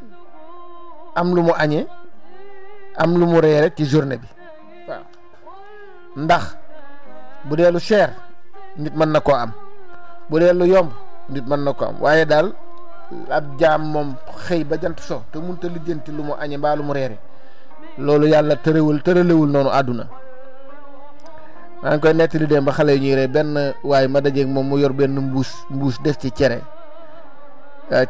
am lu mu añee am lu mu reere ci journée bi ndax bu dee lu cher nit mën na ko am bu dee lu yomb nit mën na ko am waaye daal ab jaam moom xëy ba jant so te mënut a lijjanti lu mu añe mbaa lu mu reere loolu yàlla tërëwul tëralewul noonu àdduna maa ngi koy nettali dem ba xale yi ñuy ree benn waaye ma dajeeg moom mu yor benn mbuus mbuus def ci cere Euh,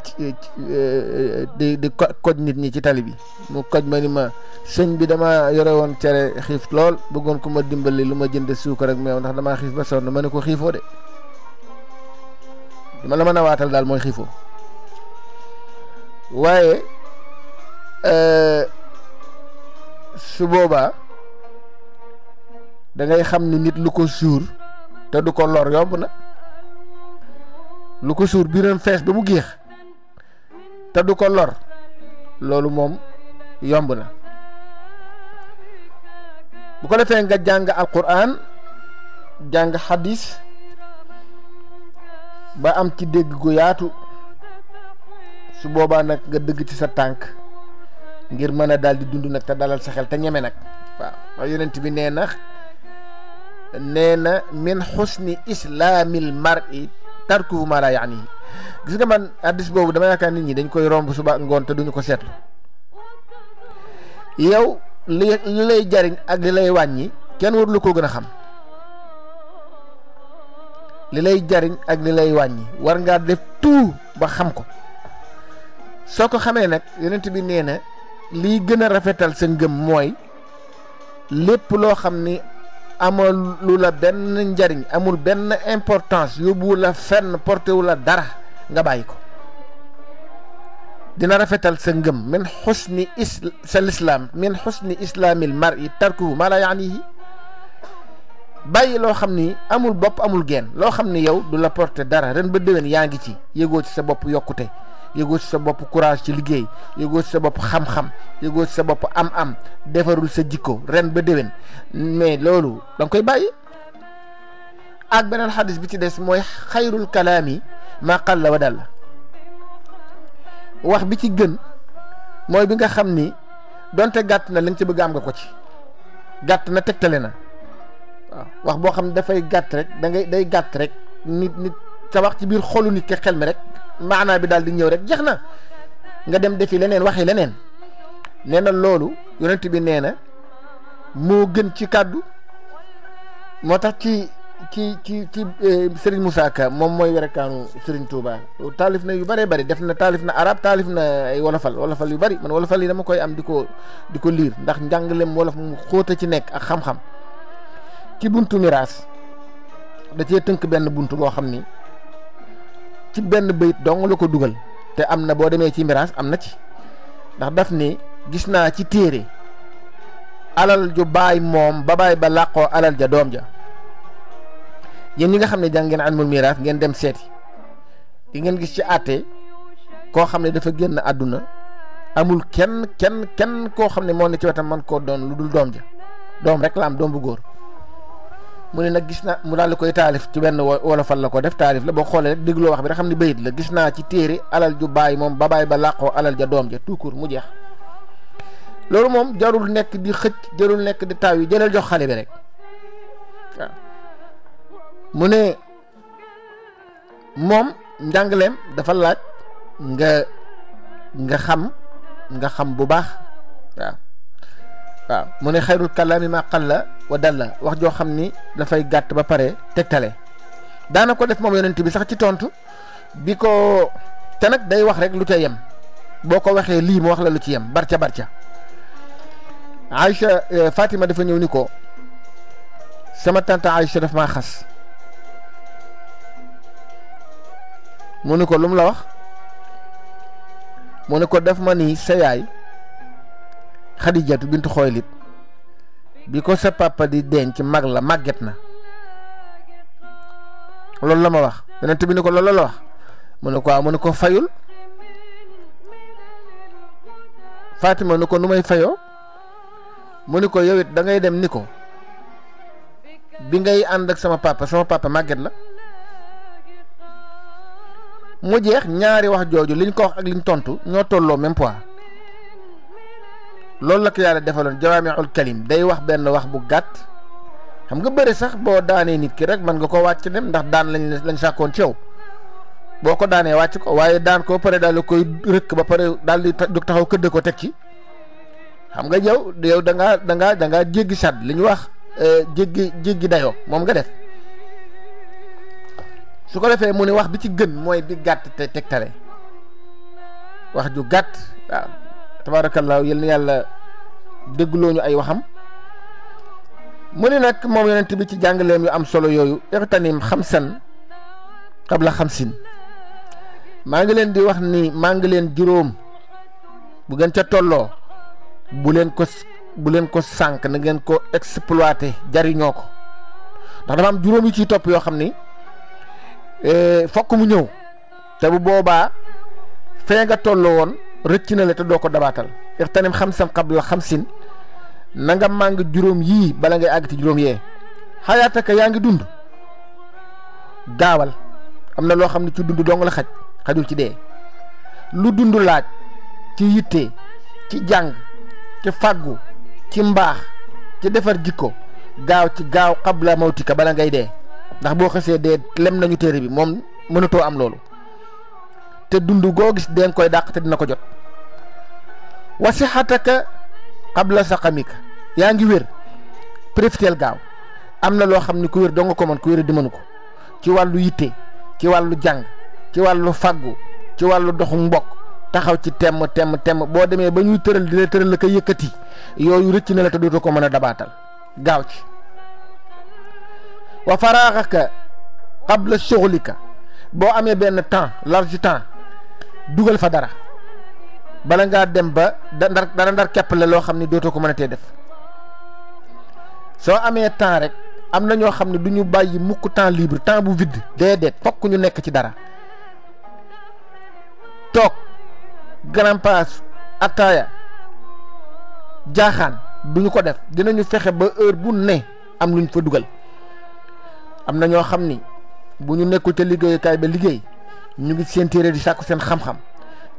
euh, di di koj nit ñi ci tali bi mu koj ma ni ma sëñ bi dama yore woon cere xiif lool bëggoon ku ma dimbali lu ma jënd suukar rek meew ndax damaa xiif ba sonn ma ne ko xiifoo de dama la man a waatal daal mooy xiifoo waaye euh, su boobaa dangay xam ni nit lu ko suur te du ko lor yomb na lu ko suur biiram fees ba mu géex te du ko lor lolou mom yomb na bu ko defé nga jang alquran jang hadith ba am ci deg gu yaatu su boba nak nga dëgg ci sa tank ngir meuna dal di dund nak te dalal sa xel te ñeme nak wa bi neena neena min husni Islamil mar'i tarku ma la yaani gis nga man addis boobu dama yaakaar nit ñi dañ koy romb suba ngoon te duñu ko seetlu yow li li lay jariñ ak li lay wàññi kenn warul koo gën a xam li lay jariñ ak li lay wàññi war ngaa def tout ba xam ko soo ko xamee nag yonent bi nee na liy gën a rafetal sa ngëm mooy lépp loo xam ni amalu la benn njariñ amul benn importance yóbbuwu la fenn portewu la dara nga bàyyi ko dina rafetal sa ngëm min xusni is sa lislaam min xusni islaamil mar'i tarkuhu ma la yaanihi bàyyi loo xam ni amul bopp amul geen loo xam ni yow du la porter dara ren ba déwén yaa ngi ci yëgoo ci sa bopp yokkute yégoo ci sa bopp courage ci liggéey yégoo ci sa bopp xam-xam yëgoo ci sa bopp am-am defarul sa jikko ren ba déwén mais loolu da koy bàyyi ak beneen xadis bi ci des mooy xayrul kalaami maa qalla wa dalla wax bi ci gën mooy bi nga xam ni donte gàtt na li nga ci bëgg am nga ko ci gàtt na tegtale na waaw wax boo xam ne dafay gàtt rek dangay day gàtt rek nit nit sa wax ci biir xolu nit ke xel mi rek maanaa bi daal di ñëw rek jeex na nga dem defi leneen waxi leneen nee na loolu yonent bi nee na moo gën ci kàddu moo tax ci ci ci ci eh, Serigne Moussa Ka moom mooy werekaanu Serigne Touba taalif na yu bëree bëri def na taalif na arab taalif na ay wolofal wolofal yu bari man wolofal yi dama koy am di ko di ko liir ndax njàngalem wolof mu xóota ci nekk ak xam-xam ci buntu miraas da cee tënk benn bunt boo xam ni. ci benn bayit dong la ko dugal te amna na boo demee ci mirage am na ci ndax daf ni gis naa ci téere alal ju baay moom ba baay ba làqoo alal ja doom ja yéen ñi nga xam ne jàng ngeen ngeen dem seeti di ngeen gis ci àtte koo xam dafa génn àdduna amul kenn kenn kenn ko xam ne moo ne ci wetam man koo doon lu dul doom ja doom rek la am doom bu góor mu ne nag gis naa mu daal di koy taalif ci benn wolofal la ko def taalif la boo xoolee dégloo wax bi rek xam ne bayit la gis naa ci téere alal ju baay moom ba baay ba làqoo alal ja doom ja tuukur mu jeex loolu moom jarul nekk di xëcc jarul nekk di taw yi jëlal jox xale bi mu ne moom njàngaleem dafa laaj nga nga xam nga xam bu baax waaw mu ne xayrul kalaami ma la dal dalla wax joo xam ni dafay gàtt ba pare tegtale daana ko def moom yonent bi sax ci tontu bi ko te nag day wax rek lu ca yem boo ko waxee lii mu wax la lu ci yem barca barca Aïcha euh, Fatima dafa ñëw ni ko sama tante Aïcha daf maa xas mu ne ko lu mu la wax mu ne ko def ma ni sa yaay Xadijatu bintu Xuwaylid Bikosa sa papa di denc mag la maget na lol la ma wax yenen bi ko lol la wax mu ko ko fayul Fatima nuko numay fayo may da ngay dem niko bi ngay and ak sama papa sama papa magetna. la mu jeex ñaari wax jooju liñ ko wax ak liñ tontu ño même poids loolu la ko yàlla defaloon jawaamiul kalim day wax benn wax bu gàtt xam nga bëri sax boo daanee nit ki rek man nga ko wàcc dem ndax daan lañ lañ sàkkoon ci yow boo ko daanee wàcc ko waaye daan ko pare daal koy rëkk ba pare daal di taxaw këdd ko teg ci xam nga yow yow da nga da nga da nga jéggi sàdd li ñu wax euh, jéggi jéggi dayo moom nga def su ko defee mu ne wax bi ci gën mooy bi gàtt te tare wax ju gàtt tabarakallah yal na yalla déggloo ñu ay waxam mune nak mom yonent bi ci jangaleem yu am solo yoyu ikhtanim khamsan qabla khamsin ma nga len di wax ni ma nga len jurom bu gën ca tollo bu len ko bu len ko sank na gën ko exploiter jari ñoko ndax dama am jurom yu ci top yo xamni euh fokk mu ñew te bu boba fe nga tollo won rëcc na la te doo ko dabaatal ixtanim xamsan qabla khamsin nanga mang jurom yi bala ngay àgg ci juróom yee hayataka yaa dund gawal amna lo xamni ci dund dong la xaj xajul ci de lu dund laaj ci yitte ci jang ci fagu ci mbax ci defar jikko gaaw ci gaaw qabla mawtika bala ngay de ndax bo xese de lem nañu téere bi mom mënatoo am lolou te dund goo gis deen koy dàq te dina ko jot wasixataka qabla saqamika yaa ngi wér préfiteel gaaw am na loo xam ne ku wér doo nga ko mën ku wér di mënu ko ci wàllu yitte ci wàllu jàng ci wàllu faggu ci wàllu doxu mbokk taxaw ci tem tem temm boo demee ba ñuy tëral di tëral la ko yëkkati yooyu rëcc na la te dootoo ko mën a dabaatal gaaw ci wa faraaxaka qabla shughulika boo amee benn temps large temps dugal fa dara bala ngaa dem ba da ndar dara ndar kepp la loo xam ne dootoo ko mënatee def soo amee temps rek am na ñoo xam ne du ñu bàyyi mukk temps libre temps bu vide déedéet fokk ñu nekk ci dara toog grand pass ataaya jaaxaan du ñu ko def dinañu fexe ba heure bu ne am luñ fa dugal am na ñoo xam ni bu ñu nekkul ca liggéeyukaay ba liggéey ñu ngi seen téere di sàkku seen xam-xam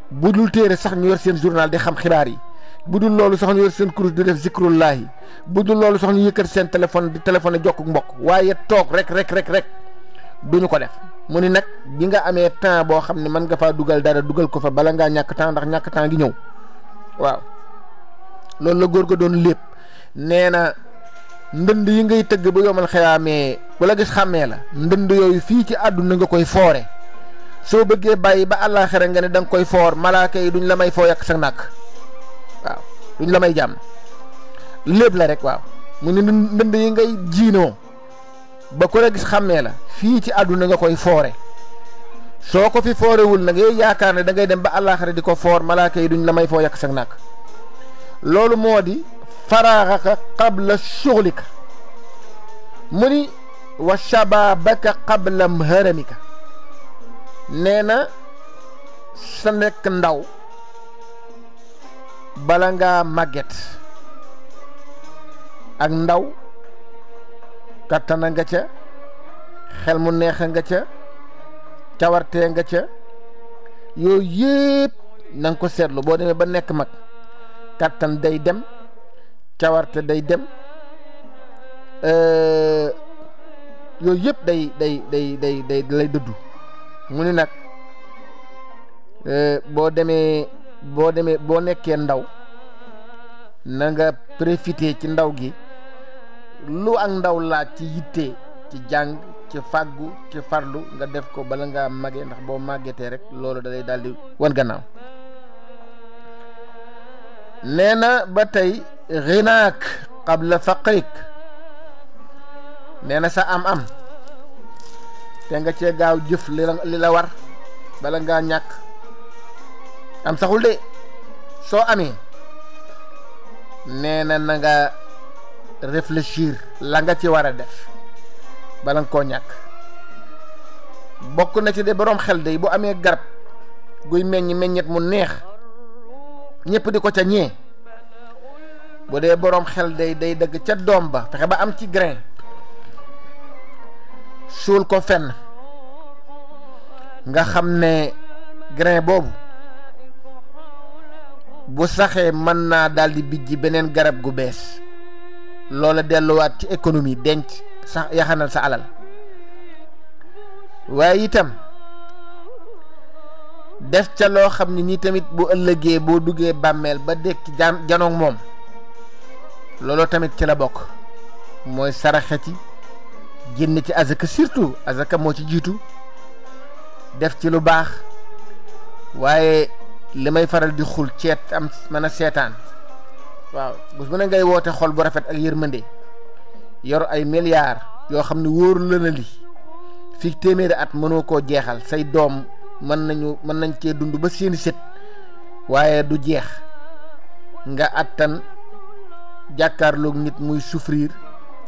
bu dul téere sax ñu yor seen journal di xam xibaar yi bu dul loolu sax ñu yor seen kurus di def zikrullahi bu dul loolu sax ñu yëkkati seen téléphone di téléphone jokk mbokk waaye toog rek rek rek rek duñu ko def mu ni nag bi nga amee temps boo xam ne mën nga faa dugal dara dugal ko fa bala ngaa ñàkk temps ndax ñàkk temps gi ñëw waaw loolu la góor ga doon lépp nee na ndënd yi ngay tëgg ba yomal xeyaamee wala gis xàmmee la ndënd yooyu fii ci àdduna nga koy foore soo bëggee bàyyi ba àllaaxira nga ne da koy foor malaaka yi duñ la may foo yàq sa nàkk waaw duñ la may jàmm lépp la rek waaw mu ne ndënd yi ngay jiinoo ba ku la gis xàmmee la fii ci àdduna nga koy foore soo ko fi foorewul nag yooyu yaakaar ne da ngay dem ba àllaaxira di ko foor malaaka yi duñ la may foo yàq sa nàkk loolu moo di faraaxaka qabla suxlika mu ni wa shabaabaka qabla mharamika nee na sa nekk ndaw bala ngaa màgget ak ndaw kattana nga ca xel mu neex nga ca cawartee nga ca yooyu yëpp na nga ko seetlu boo demee ba nekk mag kattan day dem cawarte day dem euh, yooyu yëpp day day day day day lay dëddu mu ni nag eh, boo demee boo demee boo nekkee ndaw na nga profité ci ndaw gi lu ak ndaw laaj ci yitte ci jàng ci fàggu ci farlu nga def ko bala ngaa mage ndax boo màggetee rek loolu da lay daal di wan gannaaw nee na ba tey xinaak qabla faqiik nee na sa am am te nga ci gaaw jëf li la li la war bala nga ñak am saxul de so amé néna na nga réfléchir la nga ci wara def bala nga koo ñàkk na ci de borom xel day bu amé garab guy meññ meññet mu neex ñepp di ko ca ñé bu dee borom xel day day dëgg ca doom ba ba am ci grain suul ko fenn nga xam ne grain boobu bu saxee mën naa daldi di bijji beneen garab gu bees loola delluwaat ci économie denc sax yaxanal sa alal waaye itam des ca loo xam ne nii tamit bu ëllëgee boo duggee bàmmeel ba dekk janoog moom looloo tamit ci la bokk mooy saraxe ci génn ci azaka surtout azaka moo ci jiitu def ci lu baax waaye li may faral di xul ceet am mën a seetaan waaw bés bu ne ngay woote xol bu rafet ak yërmande yor ay milliards yoo xam ne wóoru la na li fii téeméeri at mënoo koo jeexal say doom mën nañu mën nañ cee dund ba seeni sët waaye du jeex nga attan jàkkaarloog nit muy souffrir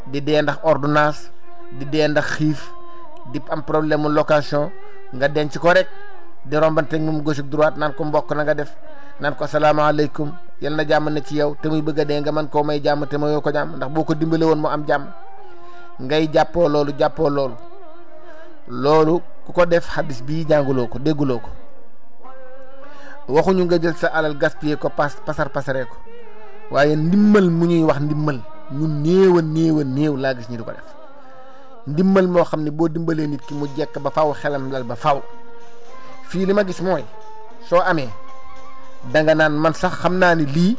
di dee ndax ordonnance di dend ak xiif di am problème mu location nga denc ko rek di rombante moom gauche ak droite nan ko mbokk na nga def nan ko asalaamaaleykum yal na jàmm na ci yow te muy bëgg de nga man ko may jàmm te mayoo ko jàmm ndax boko ko won mo am jàmm ngay jappo loolu jappo loolu loolu kuko def hadith bi jànguloo ko dégguloo ko waxuñu nga jël sa alal gaspiller ko pass passar pasaree ko waye ndimmal mu ñuy wax ndimmal ñu néew a neew la gis ñi du ko def ndimbal moo xam ne boo dimbalee nit ki mu jekk ba faw xelam lal ba faw fii li ma gis mooy soo amee nga naan man sax xam naa ni lii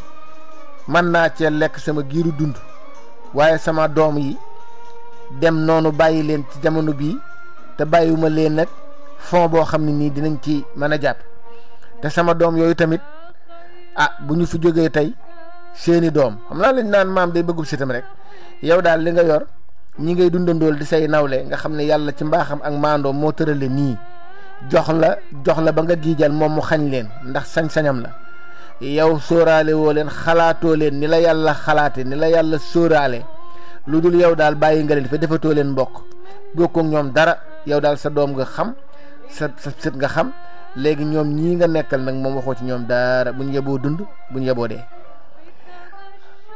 man naa cee lekk sama giiru dund waaye sama doom yi dem noonu bàyyi leen ci jamono bii te bàyyiwuma leen nag fond boo xam ne nii dinañ ci mën a te sama doom yooyu tamit ah bu ñu fi jógee tey seeni doom xam naa lañ naan maam day bëggub sitam rek yow daal li nga yor ñi ngay dundandool di say nawle nga xam ne yàlla ci mbaaxam ak maandoom moo tërale nii jox la jox la ba nga giijal moom mu xañ leen ndax sañ-sañam la yow sóoraale woo leen xalaatoo leen ni la yàlla xalaate ni la yàlla sóoraale lu dul yow daal bàyyi nga leen fa defatoo leen mbokk bokkook ñoom dara yow daal sa doom nga xam sa sa sët nga xam léegi ñoom ñii nga nekkal nag moom waxoo ci ñoom bu buñ yeboo dund bu buñ yeboo dee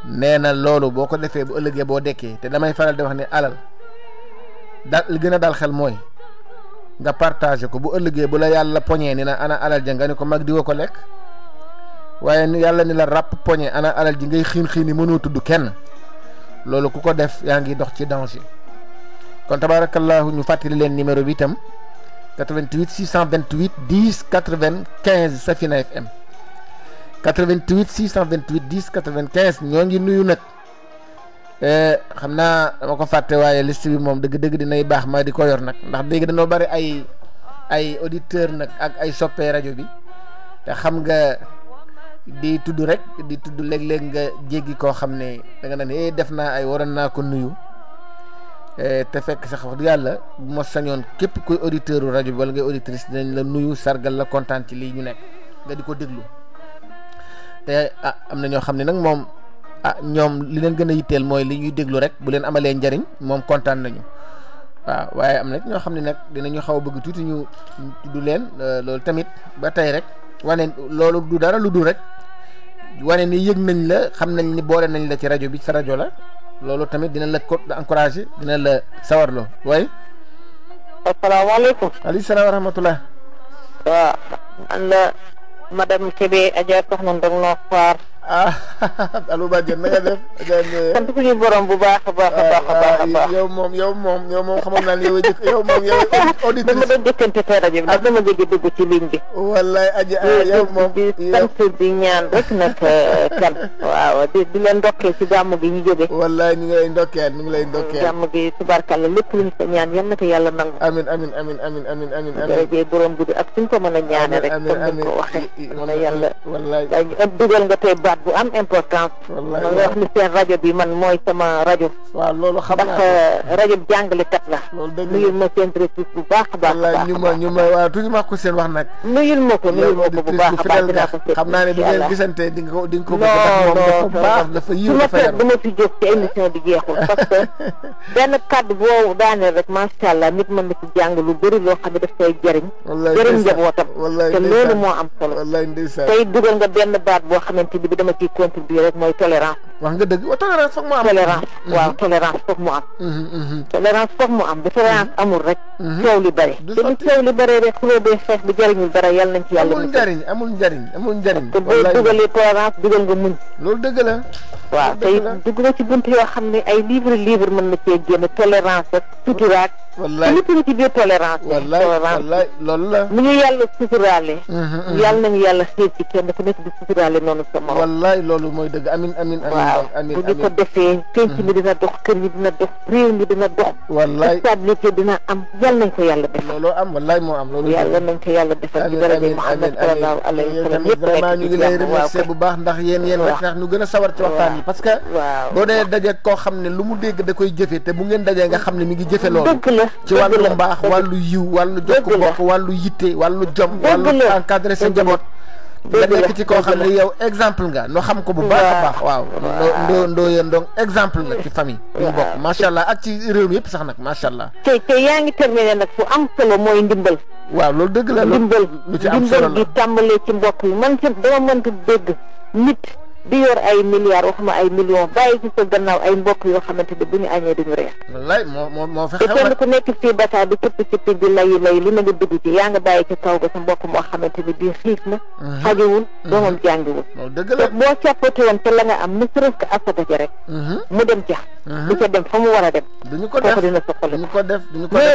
nee na loolu boo ko defee bu ëllëgee boo dekkee te damay faral di wax alal da li a dal xel mooy nga partagé ko bu ëllëgee bu la ni na ana alal ja ko mag ko lekk waaye yàlla ni la vous poñee ana alal ji ngay xiin xiin ni mënoo tudd kenn loolu ku ko def yaa dox ci danger kon ñu fàttali leen numéro bi 88 628 10 95 Safina FM. 88 628 10 95 ñoo ngi nuyu nag eh, xam naa dama ko fàtte waaye liste bi moom dëgg-dëgg dinay baax ma di ko yor nag ndax léegi dañoo bari ay ay auditeur nag ak ay soppee rajo bi te xam nga di tudd rek di tudd léeg-léeg nga jéggi koo xam ne da nga naan eh def naa ay waroon naa ko nuyu eh, te fekk sax wax yàlla bu ma sañoon képp kuy auditeur rajo bi wala ngay auditrice dinañ la nuyu sargal la kontaan ci lii ñu nekk nga di ko déglu. te ah am na ñoo xam ne nag moom a ah, ñoom li leen gën a yitteel mooy li ñuy déglu rek bu leen amalee njariñ moom kontaan nañu waaw waaye am na ñoo xam ne nag dinañu xaw a bëgg tuuti ñu du leen euh, loolu tamit ba tey rek wane loolu du dara lu dul rek wane ni yëg nañ la xam nañ ni boole nañ la ci rajo bi sa rajo la loolu tamit dina la ko encouragé dina la sawarloo waaye. asalaamaaleykum. waaleykum salaam wa rahmatulah. waaw. madame Kébé Adja Soxna Ndong Noor Foire ah allo Badiane na nga def. sant suñu borom bu baax a baax a baax a baax. Ah, ah, yow moom yow moom yow moom xamoon naa ne yow jëkk yow moom yow. auditrice dama doon jëkkante sa rajo bi ndax dama gëj a dugg ci ligne bi. wallaay aji ah, yow moom di sant di ñaan rek nag kan. waaw di di leen ndokkee ci gàmm gi ñu jógee. wallaay ñu ngi lay ndokkee ñu ngi lay ndokkee. gàmm gi tubarkalla lépp luñ sa ñaan yal na ko yàlla nangu. amiin amiin amiin amiin amiin amiin. jërëjëf borom guddi ak suñ ko mën a ñaane rek. amiin amiin amiin comme ni nga ko waxee. baat bu am importance. wallaay waaw wax ni seen rajo bi man mooy sama rajo. waaw loolu xam naa ndax euh, rajo bi jàngalekat la. loolu dëgg la nuyul ma seen directrice bu baax a baax. wallaay ñu ma ñu ma waaw toujours ma ko seen wax nag. nuyul ma ko nuyul ma ko bu baax a baax ne bu ngeen gisante di nga ko di nga ko. non non non dafa ma fi jóg te émission bi jeexul parce que benn kàddu boo daaneel rek macha allah nit mën na ci jàng lu bëri loo xam ne daf koy jëriñ. wallaay ndeysaan te loolu moo am solo. tey dugal nga benn baat boo xamante ni bi dama ciy contribuer rek mooy tolérance. wax nga dëgg wa tolérance foog mu am. tolérance mm-hmm. waaw tolérance foog mu am. Mm-hmm, mm-hmm. tolérance foog mu am bu tolérance amul rek. coow li bëri. du sotti te ni coow li bëree rek xuloo bee xeex bi jëriñul dara yal nañ ci yàlla. amul njariñ amul njariñ amul njariñ. te boo dugalee tolérance dugal nga muñ. loolu dëgg la. waaw te dugg nga ci bunt yoo xam ne ay livre livre mën na cee génne tolérance ak suturaak wallaay lépp lu ci biir tolérance. wallaay wallaay loolu la. mu ñu yàlla suturaale. Mm-hmm, mm-hmm. yàlla nañu yàlla xeet ci kenn ku nekk di suturaale noonu sa morom. wallaay loolu mooy dëgg amin amin amin waaw bu ñu ko defee. penc mi mm-hmm. dina dox kër yi dina dox réew mi dina dox. wallaay stabilité dina am yàlla nañ ko yàlla defal. looloo am wallaay moo am loolu. yàlla nañ ko yàlla defal ci dara bi Muhammad sallallahu alayhi wa sallam. yëpp vraiment ñu ngi lay remercier bu baax ndax yéen yéen rek tax ñu gën a sawar ci waxtaan yi parce que boo dee daje koo xam ne lu mu dégg da koy jëfe te bu ngeen dajee nga xam ne mi ngi jëfe loolu la ci wàllu mbaax wàllu yiw wàllu jokk mbokk wàllu yitte wàllu jom wàllu encadré sa njaboot nga nekk ci koo xam ne yow exemple nga no xam ko bu baax a baax waaw ndoo ndoo yéen donc exemple nga ci famille ñu bokk macha allah ak ci réew mi yëpp sax nag macha allah te te yaa ngi terminé nag fu am solo mooy ndimbal waaw loolu dëgg la ndimbal ci am solo la ndimbal tàmbalee ci mbokk yi man ci dama mënta dégg nit di yor ay milliards waxuma ay millions bàyyi ci sa gannaaw ay mbokk yoo xamante ni bu ñu añee duñu reer. wallaay moo moo moo nekk fii bataa di cëpp cëpp di layu lay lu na nga dugg ci yaa nga bàyyi ci taw ba sa mbokk moo xamante ni bii xiif na. Mhm. xajewul mhm. doomam jàngiwul. boo càppati woon te la nga am ne serait-ce que asaka mhm. mu dem ca. du ca dem fa mu war a dem. duñu ko def kooku dina soxla. duñu ko def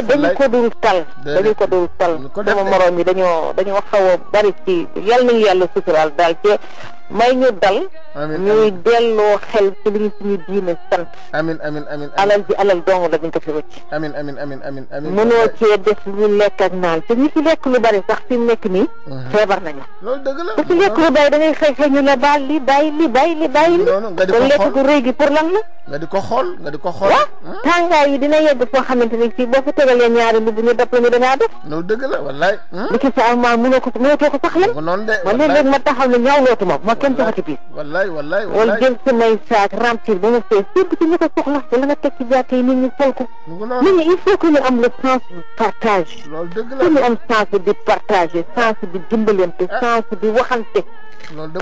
dañu ko dul tal. dañu ko dul tal sama moroom yi dañoo dañoo a bari ci yàlla nañu yàlla suturaal daal ci may ñu dal. amiin ñuy delloo xel ci li ñu suñu diine a amiin amiin amiin alal bi alal dong la duñ ko fi rëcc. amiin amiin amiin amiin amiin mënoo cee def lu lekk ak naan te ñi ci lekk lu bari sax fi mu nekk nii. Uh-huh. feebar nañu. loolu dëgg la lekk lu bari da ngay xëy xëy ñu la baal li bàyyi li bàyyi li bàyyi li. loolu nga ko xool lekk gu rëy gi pour lan la. nga di ko xol nga di ko xool. tàngaay yi dina yegg ni fii boo ko tegalee ñaari mbubb ñu dab la ñu da ngaa def. loolu dëgg la wallaay. li ci sa am mu ne ko mu ne ko sax lan. mu noonu de wallaay man léeg-léeg ma taxaw ne ñaaw lootu ma ma kenn joxati biir. wallaay wallaay wallaay wala jël samay saak remplir ba ma fee surtout ci ñu ko soxla wala nga teg ci jàkk yi nit ñi sol ko. nit ñi il faut que ñu am le sens du partage. loolu dëgg la ñu am sens di partager sens di dimbalante ah. sens di waxante.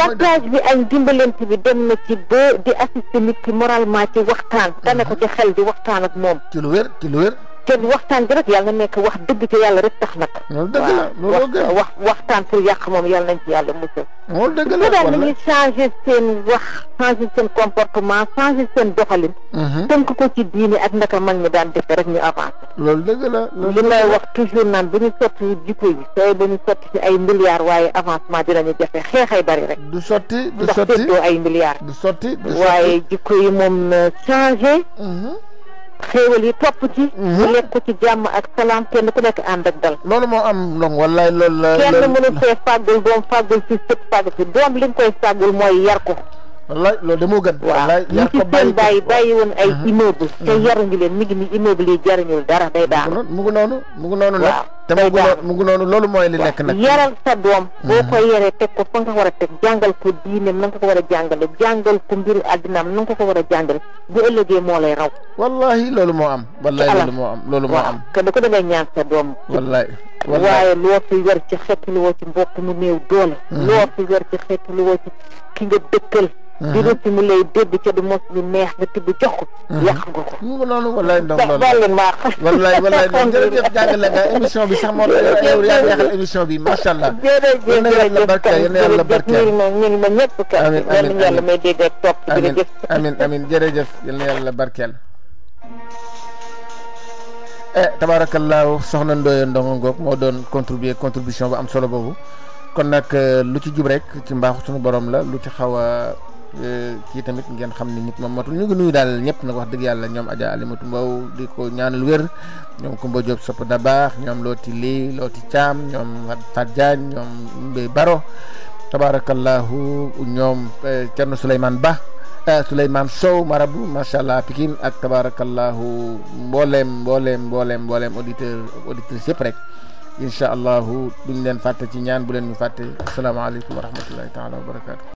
partage bi ak dimbalante bi dem na ci ba di assister nit ki moralement ci waxtaan. dana ko ci xel di waxtaan ak moom. ci lu wér ci lu wér. kenn waxtaan gi rek yàlla na nekk wax dëgg ci yàlla rek tax nag. loolu dëgg la loolu dëgg wax waxtaan pour yàq moom yàlla nañ ci yàlla musal. loolu dëgg la daal nañuy changé seen wax changé seen comportement changé seen doxalin. tënk ko ci diini ak naka mag ñi daan defee rek ñu avancé. loolu dëgg la li may wax toujours naan bu ñu sotti jikko yi tey bu ñu sotti ci ay milliards waaye avancement dinañu jafe xeexay bari rek. du sotti du sotti ndax ay milliards. du sotti du sotti waaye jikko yi moom changé. xéewal yi topp ci. Mhm. mu lekk ci jàmm ak salaam kenn ku nekk ànd ak dal. loolu moo am donc wallaay loolu la. kenn mënu fee fàggul doom fàggul ci sët fàggul ci doom li nga koy fàggul mooy yar ko. wallaay loolu de gën gën. wallaay yar ko bàyyi ko bàyyi woon ay mhm. immeuble. te ngi mhm. leen mi ngi ni immeuble yi jariñul dara day daanu. mu noonu mu ngi noonu nag. te mu ngi noonu loolu mooy li nekk nag yaral sa doom mm-hmm. boo koy yaree teg ko fa nga war a teg jàngal ko diineem na nga ko war a jàngale jàngal ko mbiru àddinaam na nga ko war a jàngale bu ëllëgee moo lay raw wallahi loolu moo am wallahi loolu moo am loolu moo am kenn ko da ngay ñaan sa doom wallahi waaye loo fi wer ci xettaluwoo ci mbokk mu néew doole mm-hmm. loo fi wer ci xettaluwoo ci ki nga dëkkal mm-hmm. di rëcc mu lay dégg ca du mos lu neex nga tibb jox ko. yàq nga ko. mu ngi noonu walaay ndox loolu. walaay walaay jërëjëf jàngale bi. sax moo tax yow yaa neexal émission bi a yàlla barkeel yéen a yàlla barkeel ñu ngi ma ñëpp kat. amiin yàlla barkeel. eh soxna Ndoye Ndongo Ngop moo doon contribuer contribution bu am solo boobu kon nag eh, lu ci jub rek ci mbaaxu suñu boroom la lu ci xaw a. ki tamit ngeen xam ni nit moom matul ñu ngi nuyu daal ñëpp nag wax dëgg yàlla ñoom Adja Alimatu Mbaw di ko ñaanal wér ñoom Kumba Diop Sopp da baax ñoom Looti Li Looti Caam ñoom Fat ñoom Baro tabarakallahu ñoom Cerno eh, sulaiman Ba eh, Sow marabu macha allah ak tabarakallahu mbooleem mbooleem mbooleem mbooleem auditeur auditeur yëpp rek insha allahu duñ leen fàtte ci ñaan bu leen ñu fàtte asalaamaaleykum wa rahmatullahi taala wa